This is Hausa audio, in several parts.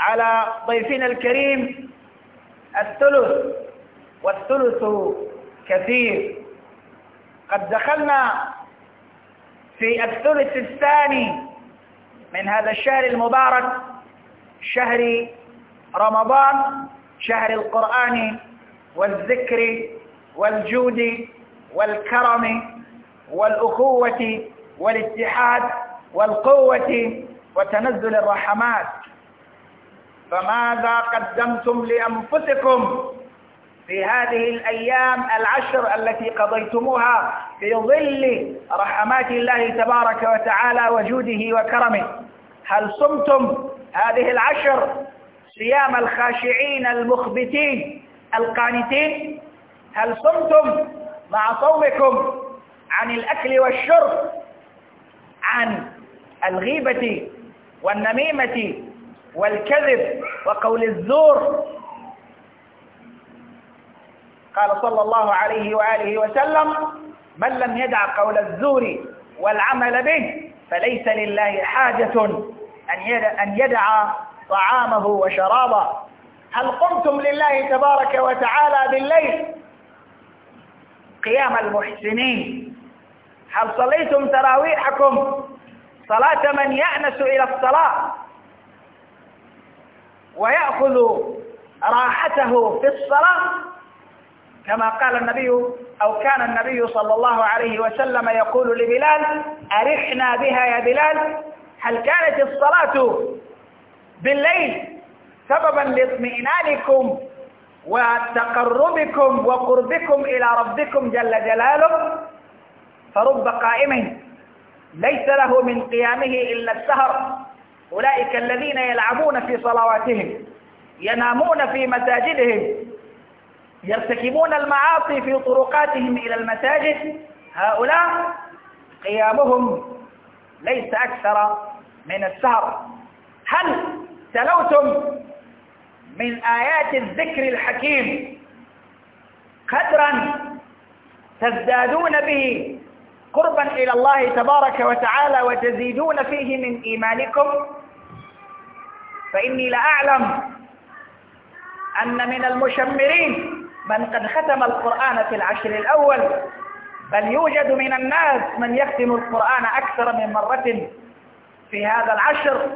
على ضيفنا الكريم الثلث والثلث كثير قد دخلنا في الثلث الثاني من هذا الشهر المبارك شهر رمضان شهر القرآن والذكر والجود والكرم والأخوة والاتحاد والقوة وتنزل الرحمات فماذا قدمتم لأنفسكم في هذه الأيام العشر التي قضيتموها في ظل رحمات الله تبارك وتعالى وجوده وكرمه هل صمتم هذه العشر صيام الخاشعين المخبتين القانتين هل صمتم مع صومكم عن الأكل والشرب عن الغيبة والنميمة والكذب وقول الزور قال صلى الله عليه وآله وسلم من لم يدع قول الزور والعمل به فليس لله حاجة أن يدع طعامه وشرابه هل قمتم لله تبارك وتعالى بالليل قيام المحسنين هل صليتم تراويحكم صلاة من يأنس إلى الصلاة ويأخذ راحته في الصلاة كما قال النبي أو كان النبي صلى الله عليه وسلم يقول لبلال أرحنا بها يا بلال هل كانت الصلاة بالليل سببا لاطمئنانكم وتقربكم وقربكم إلى ربكم جل جلاله فرب قائم ليس له من قيامه إلا السهر أولئك الذين يلعبون في صلواتهم ينامون في مساجدهم يرتكبون المعاصي في طرقاتهم إلى المساجد هؤلاء قيامهم ليس أكثر من السهر هل تلوتم من آيات الذكر الحكيم قدرا تزدادون به قربا إلى الله تبارك وتعالى وتزيدون فيه من إيمانكم فإني لأعلم أن من المشمرين من قد ختم القرآن في العشر الأول بل يوجد من الناس من يختم القرآن أكثر من مرة في هذا العشر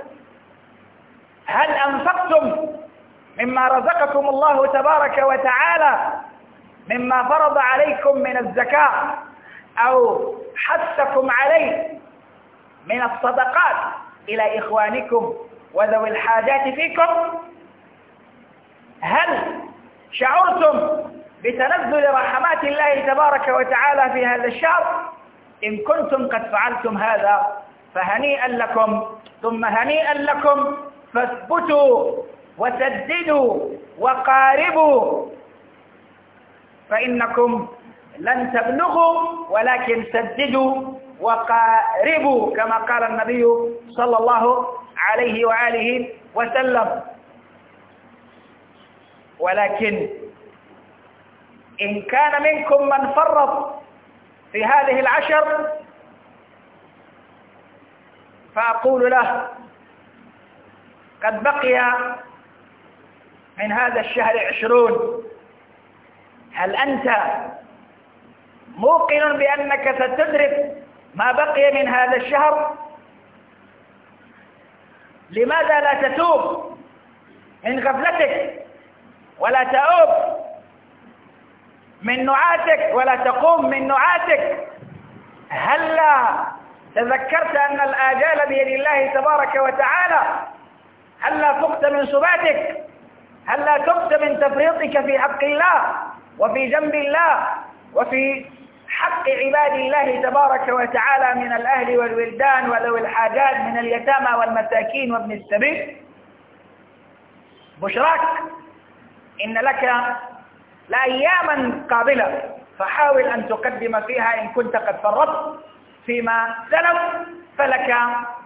هل أنفقتم مما رزقكم الله تبارك وتعالى مما فرض عليكم من الزكاة أو حثكم عليه من الصدقات إلى إخوانكم وذوي الحاجات فيكم هل شعرتم بتنزل رحمات الله تبارك وتعالى في هذا الشهر إن كنتم قد فعلتم هذا فهنيئا لكم ثم هنيئا لكم فاثبتوا وسددوا وقاربوا فإنكم لن تبلغوا ولكن سددوا وقاربوا كما قال النبي صلى الله عليه وآله وسلم ولكن إن كان منكم من فرط في هذه العشر فأقول له قد بقي من هذا الشهر عشرون هل أنت موقن بأنك ستدرك ما بقي من هذا الشهر لماذا لا تتوب من غفلتك ولا تأوب من نعاتك ولا تقوم من نعاتك هلا تذكرت أن الآجال بيد الله تبارك وتعالى هلا فقت من سباتك هلا تبت من تفريطك في حق الله وفي جنب الله وفي حق عباد الله تبارك وتعالى من الأهل والولدان وذوي الحاجات من اليتامى والمساكين وابن السبيل بشراك إن لك لأياما قابلة فحاول أن تقدم فيها إن كنت قد فرطت فيما سلم فلك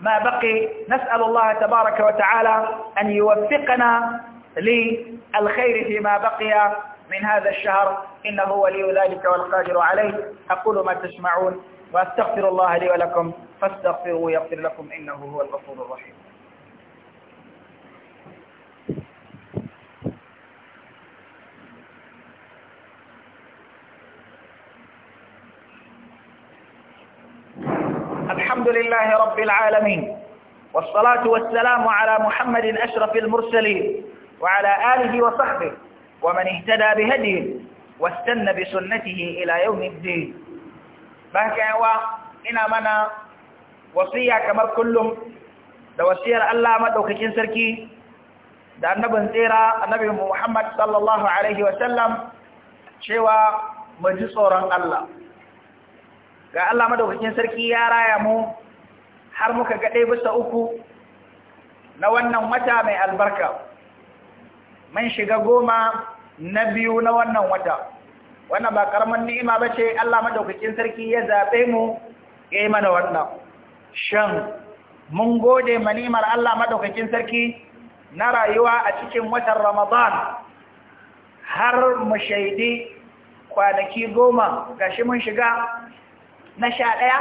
ما بقي نسأل الله تبارك وتعالى أن يوفقنا للخير فيما بقي من هذا الشهر إنه ولي ذلك والقادر عليه أقول ما تسمعون وأستغفر الله لي ولكم فاستغفروا يغفر لكم إنه هو الغفور الرحيم الحمد لله رب العالمين والصلاة والسلام على محمد أشرف المرسلين وعلى آله وصحبه ومن اهتدى بهديه واستنى بسنته إلى يوم الدين بحكا يوا إنا منا وصية كما كلهم da wasiyar Allah madaukakin sarki da annabin tsira annabi Muhammad sallallahu alaihi wa sallam cewa mu ji tsoron Allah ga Allah madaukakin sarki ya raya mu har muka ga ɗaya bisa uku na wannan wata mai albarka mun shiga goma na biyu na wannan wata wannan ba karamin ni'ima ba ce Allah madaukakin sarki ya zaɓe mu ya mana wannan shan mun gode ma ni'imar Allah madaukakin sarki na rayuwa a cikin watan Ramadan har mu shaidi kwanaki goma gashi mun shiga na sha ɗaya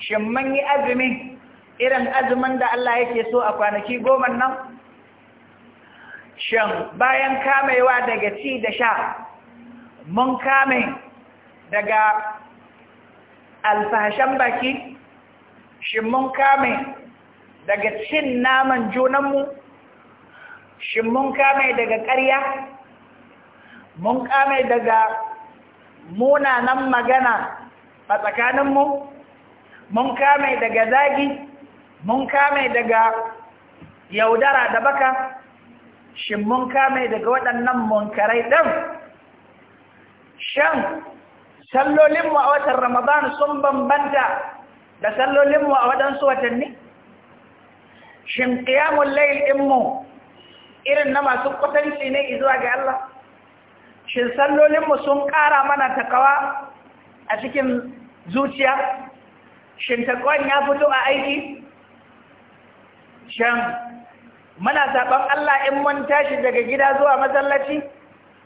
shin mun yi azumi irin azumin da Allah yake so a kwanaki goma nan shan bayan kamewa daga ci da sha mun kame daga alfahashen baki shi mun kame daga cin naman junanmu shi mun kame daga ƙarya mun kame daga munanan magana a tsakaninmu mun kame daga zagi mun kame daga yaudara da baka shin mun kame daga waɗannan munkarai ɗan shan sallolinmu a watan ramadan sun bambanta da sallolinmu a waɗansu watanni shin ƙiyamun lail ɗinmu irin na masu kwatanci ne zuwa ga Allah shin sallolinmu sun ƙara mana takawa a cikin zuciya shin takawan ya fito a aiki shan muna zaɓen Allah in mun tashi daga gida zuwa masallaci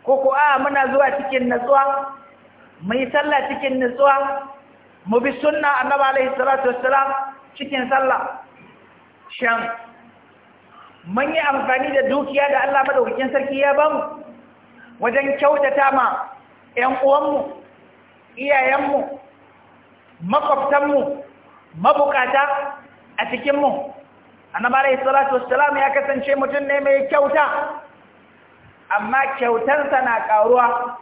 ko ko muna zuwa cikin natsuwa mu yi sallah cikin natsuwa mu bi sunna annabi alaihi salatu wassalam cikin sallah shan mun yi amfani da dukiya da Allah madaukakin sarki ya bamu wajen kyautata ma 'yan uwanmu iyayenmu makwabtanmu mabukata a cikinmu alayhi salatu wassalam ya kasance mutum ne mai kyauta amma kyautansa na karuwa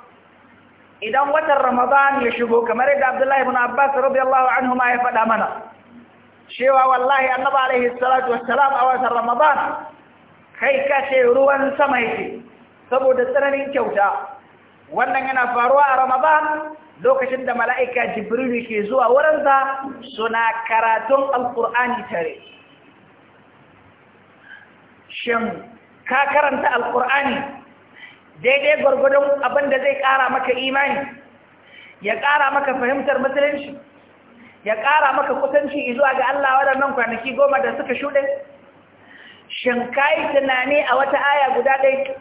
idan watan ramadan ya shigo kamar yadda abdullahi ibn abbas radiyallahu anhu ma ya faɗa mana cewa wallahi Annaba alayhi salatu wassalam a watan ramadan kai ka ce ruwan sama yake saboda tsananin kyauta wannan yana faruwa a ramadan lokacin da mala'ika jibril ke zuwa wurinsa suna karatun alqur'ani tare shin ka karanta alkur'ani daidai gwargwadon abin da zai ƙara maka imani ya ƙara maka fahimtar musulunci ya kara maka kusanci zuwa ga Allah waɗannan kwanaki goma da suka shuɗe shin ka yi tunani a wata aya guda ɗai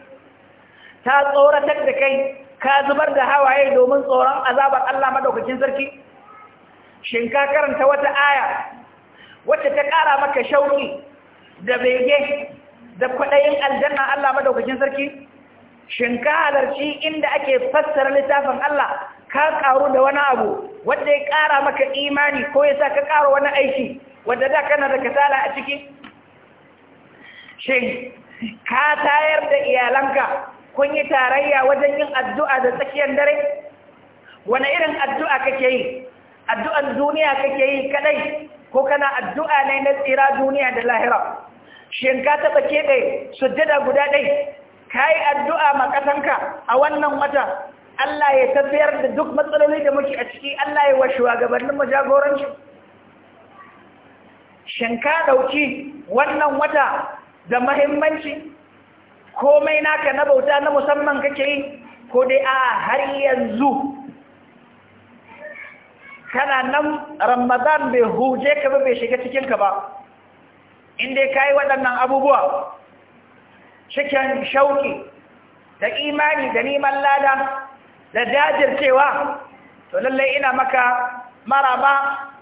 ta tsoratar da kai ka zubar da hawaye domin tsoron azabar Allah madaukakin sarki shin ka karanta wata aya wacce ta ƙara maka shauki da bege da kwaɗayin aljanna Allah madaukakin sarki shin ka halarci inda ake fassara littafin Allah ka karu da wani abu wanda ya ƙara maka imani ko ya sa ka ƙara wani aiki wanda da kana da kasala a ciki shin ka tayar da iyalanka kun yi tarayya wajen yin addu'a da tsakiyar dare wani irin addu'a kake yi addu'an duniya kake yi kadai ko kana addu'a ne na tsira duniya da lahira shin ka taɓa keɓe sujjada guda ɗai ka yi addu'a ma ƙasanka a wannan wata Allah ya tafiyar da duk matsaloli da muke a ciki Allah ya wa shugabanninmu jagoranci shin ka ɗauki wannan wata da mahimmanci komai naka na bauta na musamman kake yi ko dai a har yanzu kana nan ramadan bai huje ka ba bai shiga cikinka ba Inda dai kayi waɗannan abubuwa cikin shauƙi, da imani da neman lada da jajircewa to lallai ina maka maraba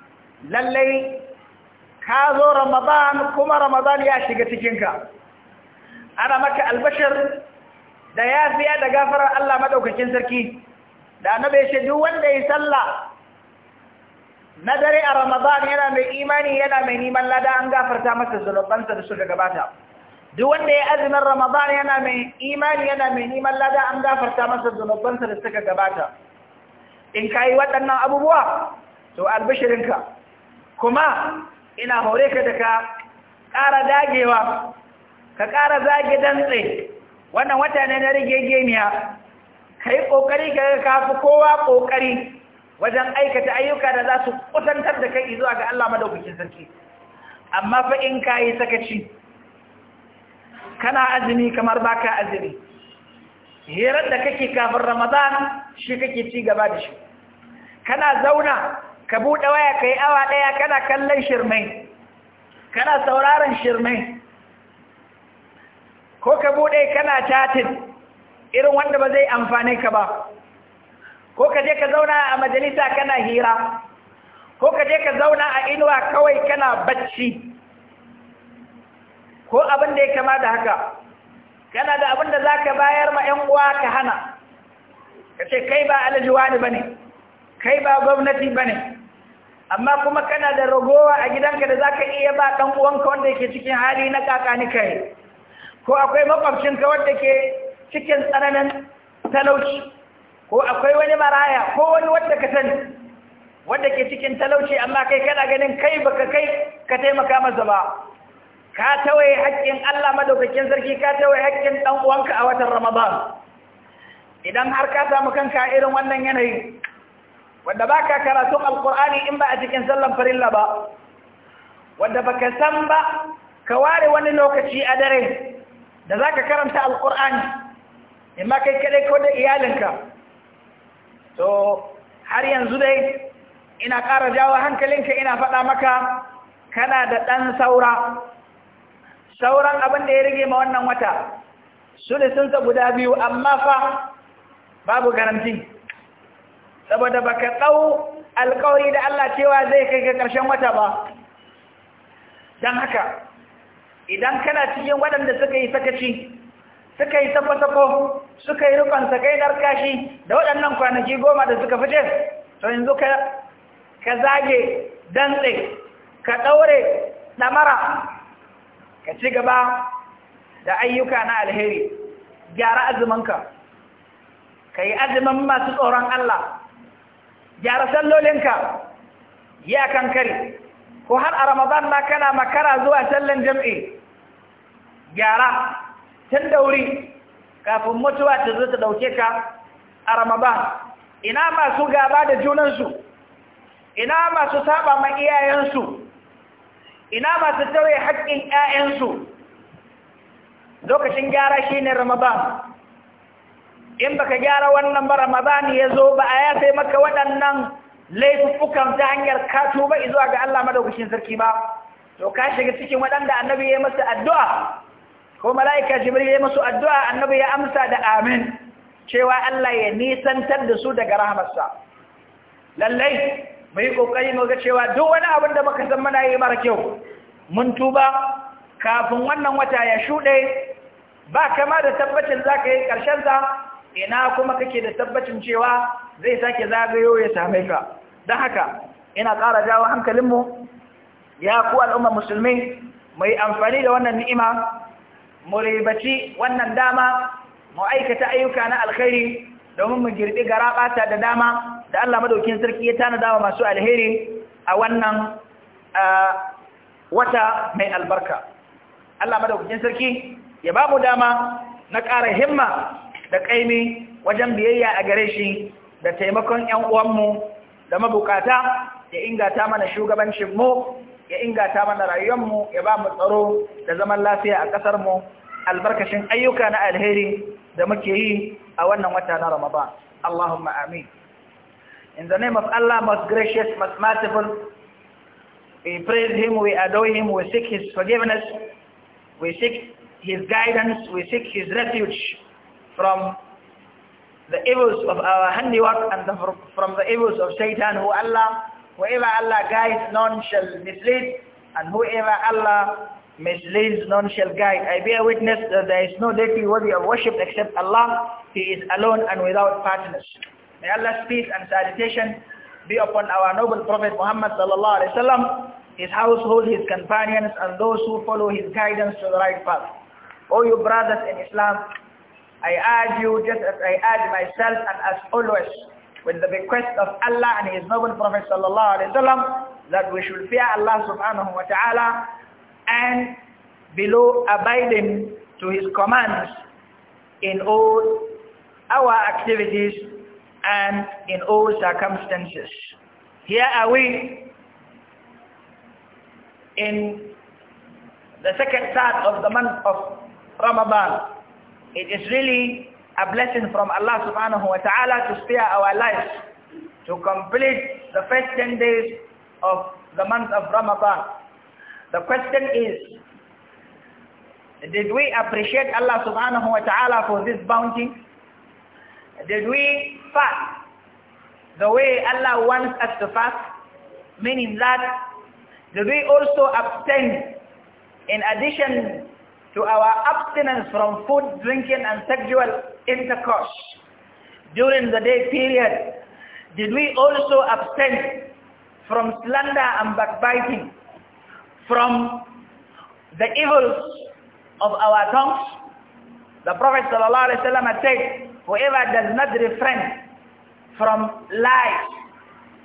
lallai ka zo ramadan kuma ramadan ya shiga cikinka ana maka albashir da yafiya da gafarar Allah maɗaukakin sarki da na bai shi duk wanda ya sallah. na dare a ramadan yana mai imani yana mai neman lada an gafarta masa zunubansa da suka gabata duk wanda ya azumin ramadan yana mai imani yana mai neman lada an gafarta masa zunubansa da suka gabata in ka yi waɗannan abubuwa to albishirinka kuma ina hore ka da ka ƙara dagewa ka ƙara zage dantse wannan wata ne na rigegeniya ka yi ƙoƙari ka ga kowa ƙoƙari wajen aikata ayyuka da za su kusantar da kai zuwa ga Allah madaukakin sarki amma fa in kayi sakaci kana azumi kamar baka azumi hirar da kake kafin ramadan shi kake ci gaba da shi kana zauna ka buɗe waya ka awa ɗaya kana kallon shirmai kana sauraron shirmai ko ka buɗe kana chatin irin wanda ba zai amfane ka ba ko ka je ka zauna a majalisa kana hira ko ka je ka zauna a inuwa kawai kana bacci ko abin da ya kama da haka kana da abin da za ka bayar ma 'yan uwa ka hana ka ce kai ba alajiwani ba ne kai ba gwamnati ba ne amma kuma kana da ragowa a gidanka da za ka iya ba ɗan uwanka wanda ke cikin hali na kakani kai ko akwai makwabcinka wanda ke cikin tsananin talauci ko akwai wani maraya ko wani wadda ka sani wadda ke cikin talauci amma kai kana ganin kai baka kai ka taimaka masa ba ka tawaye haƙƙin Allah madaukakin sarki ka tawaye haƙƙin ɗan uwanka a watan Ramadan idan har ka samu kanka irin wannan yanayi wanda baka karatun alkur'ani in ba a cikin sallan farilla ba wanda baka san ba ka ware wani lokaci a dare da zaka karanta alqur'ani imma kai kadai ko da iyalinka to har yanzu dai ina ƙara jawo hankalinka ina faɗa maka kana da ɗan saura sauran abin da ya rage ma wannan wata sulisinsa guda biyu amma fa babu garanti saboda ba ka ɗau alkawari da Allah cewa zai kai ga ƙarshen wata ba don haka idan kana cikin waɗanda suka yi sakaci suka yi sako-sako suka yi rukon sakai kashi da waɗannan kwanaki goma da suka fice to yanzu ka zage dantse ka ɗaure ɗamara ka ci gaba da ayyuka na alheri gyara azumanka ka yi azumin masu tsoron Allah gyara sallolinka yi a kankari ko har a ramadan ma kana makara zuwa sallan jam'i gyara can dauri wuri kafin mutuwa ta zo ta dauke ka a ramadan ina masu gaba da junansu ina masu saba ma iyayensu ina masu tauye haƙƙin ƴaƴansu lokacin gyara shine Ramaba. in baka gyara wannan ba ramadan ya zo ba a yafe maka waɗannan laifukan ta hanyar kato ba zuwa ga Allah madaukakin sarki ba to ka shiga cikin waɗanda annabi ya yi masa addu'a ko mala'ika jibril ya musu addu'a annabi ya amsa da amin cewa Allah ya nisantar da su daga rahamarsa. lallai mu yi kokari mu ga cewa duk wani abin da muka san muna yi mara kyau mun tuba kafin wannan wata ya shuɗe ba kama da tabbacin ka yi karshen sa ina kuma kake da tabbacin cewa zai sake zagayo ya same ka don haka ina ƙara jawo hankalinmu ya ku al'ummar musulmi mai amfani da wannan ni'ima mu wannan dama mu aikata ayyuka na alkhairi domin mu girbi garaɓata da dama da Allah madaukin sarki ya tanada wa masu alheri a wannan wata mai albarka Allah madaukin sarki ya ba mu dama na ƙara himma da ƙaimi wajen biyayya a gare shi da taimakon 'yan uwanmu da mabukata ya ingata mana shugabancin mu. ya ingata mana mu ya ba mu tsaro da zaman lafiya a ƙasarmu albarkashin ayyuka na alheri da muke yi a wannan wata na Ramadan. Allahumma amin. In the name of Allah, most gracious, most merciful, we praise Him, we adore Him, we seek His forgiveness, we seek His guidance, we seek His refuge from the evils of our handiwork and the, from the evils of Satan who Allah Whoever Allah guides, none shall mislead, and whoever Allah misleads, none shall guide. I bear witness that there is no deity worthy of worship except Allah. He is alone and without partners. May Allah's peace and salutation be upon our noble Prophet Muhammad sallallahu alaihi wasallam, his household, his companions, and those who follow his guidance to the right path. O you brothers in Islam, I urge you just as I urge myself and as always, with the bequest of Allah and His noble Prophet sallallahu alaihi wasallam that we should fear Allah subhanahu wa ta'ala and below abiding to His commands in all our activities and in all circumstances. Here are we in the second third of the month of Ramadan. It is really a blessing from Allah subhanahu wa ta'ala to spare our lives, to complete the first 10 days of the month of Ramadan. The question is, did we appreciate Allah subhanahu wa ta'ala for this bounty? Did we fast the way Allah wants us to fast? Meaning that, did we also abstain in addition to our abstinence from food, drinking and sexual intercourse during the day period? Did we also abstain from slander and backbiting, from the evils of our tongues? The Prophet ﷺ had said, whoever does not refrain from lies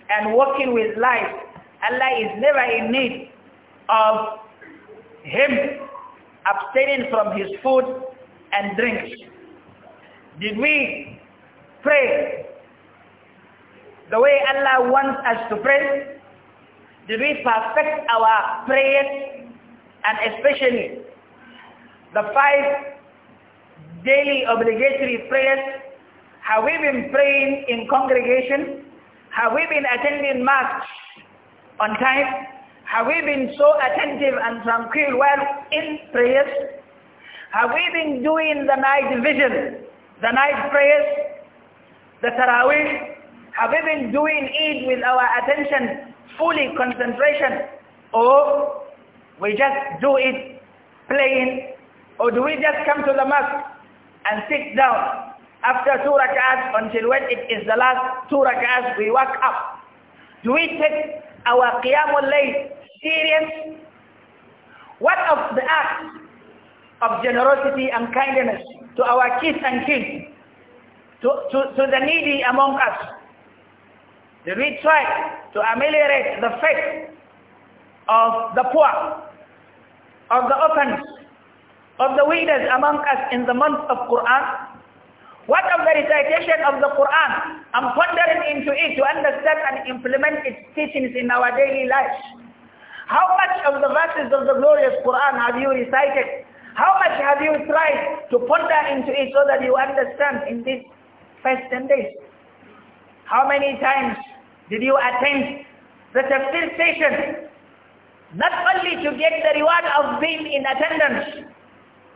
and working with lies, Allah is never in need of him abstaining from his food and drinks. Did we pray the way Allah wants us to pray? Did we perfect our prayers and especially the five daily obligatory prayers? Have we been praying in congregation? Have we been attending mass on time? Have we been so attentive and tranquil while in prayers? Have we been doing the night vision the night prayers, the Taraweeh, have we been doing it with our attention, fully concentration, or we just do it playing, or do we just come to the mosque and sit down after two rak'ahs until when it is the last two rak'ahs we wake up? Do we take our Qiyamul Layl serious? What of the acts of generosity and kindness to our kids and kids, to, to, to the needy among us. Did we try to ameliorate the faith of the poor, of the orphans, of the widows among us in the month of Quran? What of the recitation of the Quran? I'm pondering into it to understand and implement its teachings in our daily lives. How much of the verses of the glorious Quran have you recited? How much have you tried to put that into it so that you understand in these first 10 days? How many times did you attend the tafsir session? Not only to get the reward of being in attendance,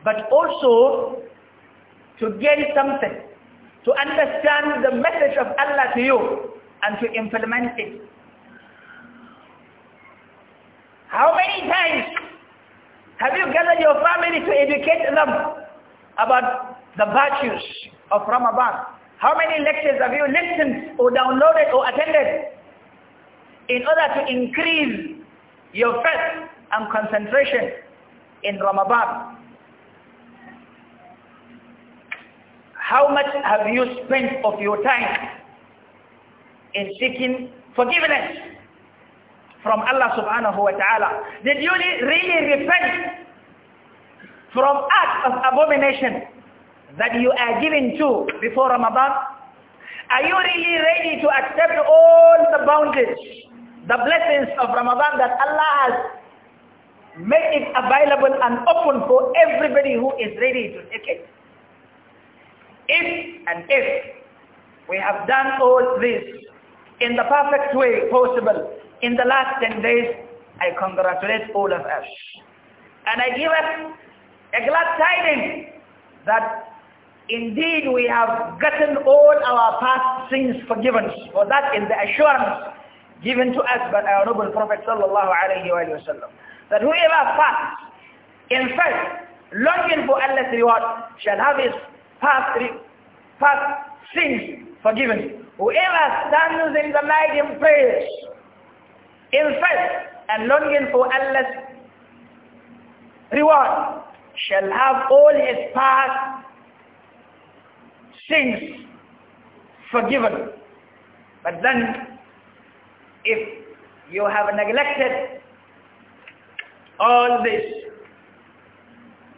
but also to gain something, to understand the message of Allah to you and to implement it. How many times have you gathered your family to educate them about the virtues of Ramadan? How many lectures have you listened or downloaded or attended in order to increase your faith and concentration in Ramadan? How much have you spent of your time in seeking forgiveness from Allah subhanahu wa ta'ala? Did you really repent from acts of abomination that you are given to before Ramadan? Are you really ready to accept all the bounties, the blessings of Ramadan that Allah has made it available and open for everybody who is ready to take it? If and if we have done all this in the perfect way possible, in the last 10 days, I congratulate all of us. And I give us a glad tidings that indeed we have gotten all our past sins forgiven. For that is the assurance given to us by our noble Prophet sallallahu alayhi wa That whoever fasts in faith, longing for Allah's reward, shall have his past, past sins forgiven. Whoever stands in the night in prayers, in faith and longing for Allah's reward shall have all his past sins forgiven. But then if you have neglected all this,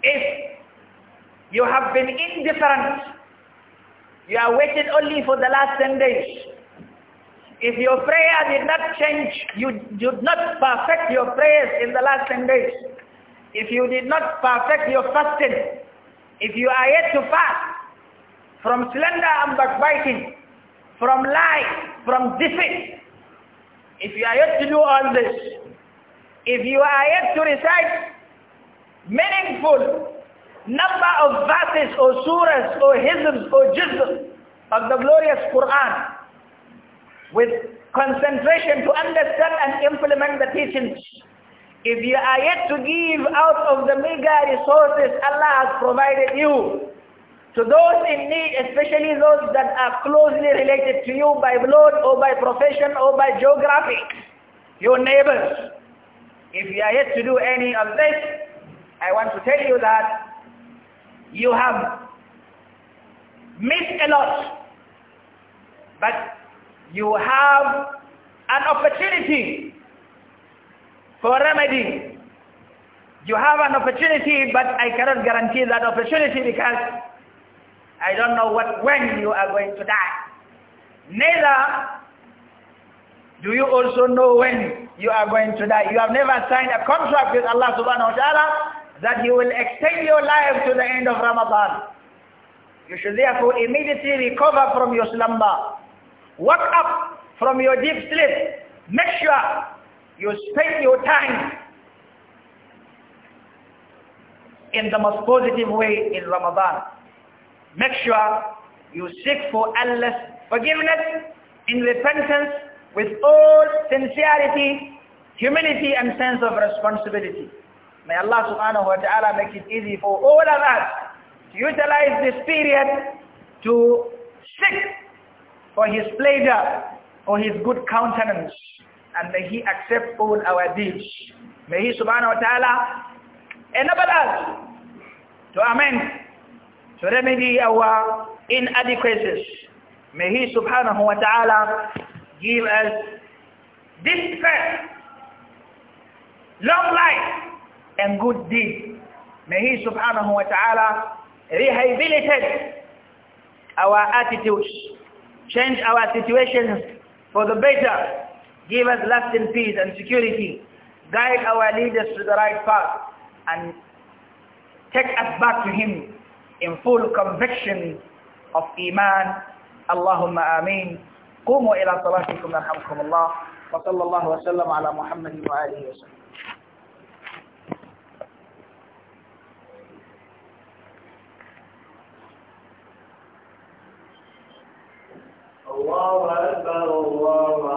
if you have been indifferent, you are waiting only for the last 10 days, if your prayer did not change, you did not perfect your prayers in the last 10 days. If you did not perfect your fasting, if you are yet to fast from slender and backbiting, from lies, from deceit, if you are yet to do all this, if you are yet to recite meaningful number of verses or surahs or hizms or jizm of the glorious Quran, with concentration to understand and implement the teachings. If you are yet to give out of the meager resources Allah has provided you, to those in need, especially those that are closely related to you by blood or by profession or by geography, your neighbors. If you are yet to do any of this, I want to tell you that you have missed a lot. But you have an opportunity for remedy. You have an opportunity, but I cannot guarantee that opportunity because I don't know what when you are going to die. Neither do you also know when you are going to die. You have never signed a contract with Allah subhanahu wa ta'ala that He will extend your life to the end of Ramadan. You should therefore immediately recover from your slumber. Wake up from your deep sleep. Make sure you spend your time in the most positive way in Ramadan. Make sure you seek for Allah's forgiveness in repentance with all sincerity, humility and sense of responsibility. May Allah subhanahu wa ta'ala make it easy for all of us to utilize this period to seek for his pleasure or his good countenance and may he accept all our deeds. May he subhanahu wa ta'ala enable us to amend, to remedy our inadequacies. May he subhanahu wa ta'ala give us this faith, long life and good deeds. May he subhanahu wa ta'ala rehabilitate our attitudes Change our situations for the better. Give us lasting peace and security. Guide our leaders to the right path and take us back to Him in full conviction of Iman. Allahumma ameen. قوموا إلى صلاتكم يرحمكم الله وصلى الله وسلم على محمد وآله وسلم الله أكبر الله